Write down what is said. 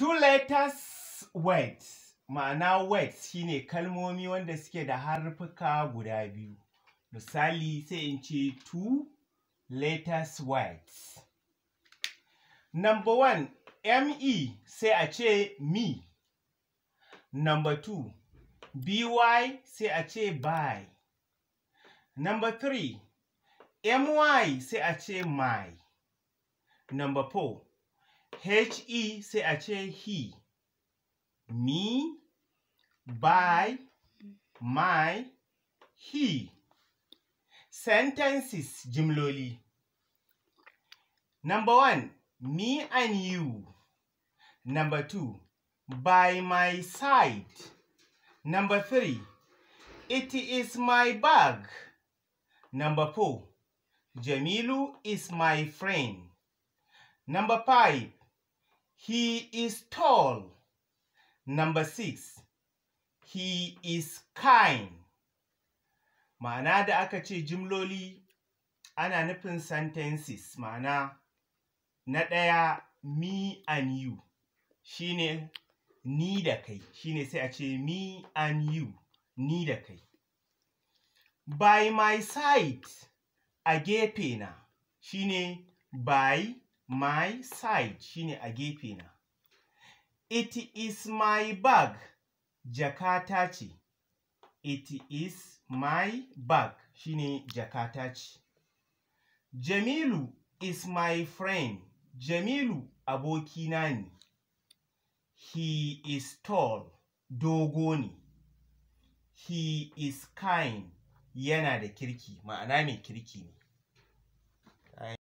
Two letters words ma'ana words shine kalmomi wanda suke da harfuka guda biyu. Misali sai in ce two letters words. Number one ME sai a ce me. Number two BY sai a ce by. Number three MY sai a ce my. Number four he sai a he me by my he sentences jimloli number one me and you number two by my side number three it is my bag number four jamilu is my friend number five He is tall. Number six, he is kind. Ma'ana da aka ce jimloli ana nufin sentences ma'ana na ɗaya me and you shine ni da kai shine sai a ce me and you ni da kai. By my side a gefe na shine by my side shine a gefe na it is my bag jakata ce it is my bag shine jakata ce jamilu is my friend jamilu abokina ne he is tall dogo ne he is kind yana da kirki ma'ana mai kirki ne